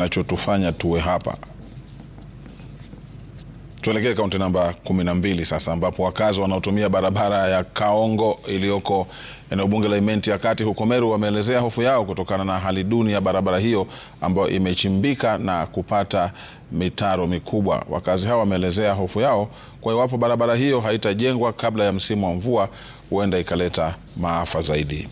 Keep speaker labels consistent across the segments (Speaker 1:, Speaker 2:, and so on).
Speaker 1: Nachotufanya tuwe hapa. Tuelekee kaunti namba 12 sasa, ambapo wakazi wanaotumia barabara ya Kaongo iliyoko eneo bunge la Imenti ya Kati huko Meru wameelezea hofu yao kutokana na hali duni ya barabara hiyo ambayo imechimbika na kupata mitaro mikubwa. Wakazi hao wameelezea hofu yao kwa iwapo barabara hiyo haitajengwa kabla ya msimu wa mvua, huenda ikaleta maafa zaidi.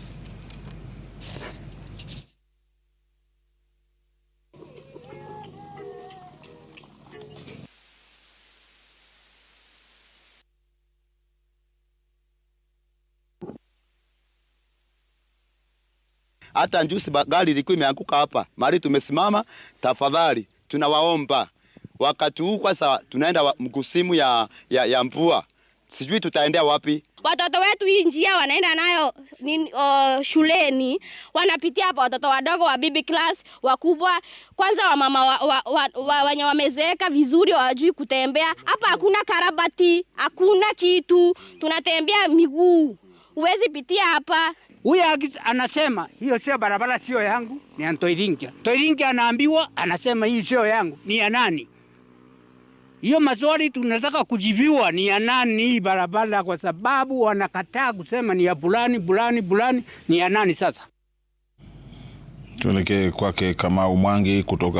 Speaker 2: Hata njusi gari ilikuwa imeanguka hapa mahali tumesimama. Tafadhali tunawaomba wakati huu kwanza, tunaenda mkusimu ya, ya, ya mvua, sijui tutaendea wapi
Speaker 3: watoto wetu. Hii njia wanaenda nayo ni, uh, shuleni wanapitia hapa watoto wadogo wa bibi class, wakubwa kwanza, wamama wa, wa, wa, wa, wenye wamezeeka vizuri, hawajui kutembea. Hapa hakuna karabati, hakuna kitu, tunatembea miguu, huwezi pitia hapa.
Speaker 4: Huyu anasema hiyo sio barabara, sio yangu, ni ya Ntoiringa. Ntoiringa anaambiwa, anasema hii sio yangu, ni ya nani? Hiyo maswali tunataka kujibiwa, ni ya nani hii barabara? Kwa sababu wanakataa kusema ni ya bulani bulani bulani, ni ya nani sasa? Tuelekee kwake Kamau Mwangi kutoka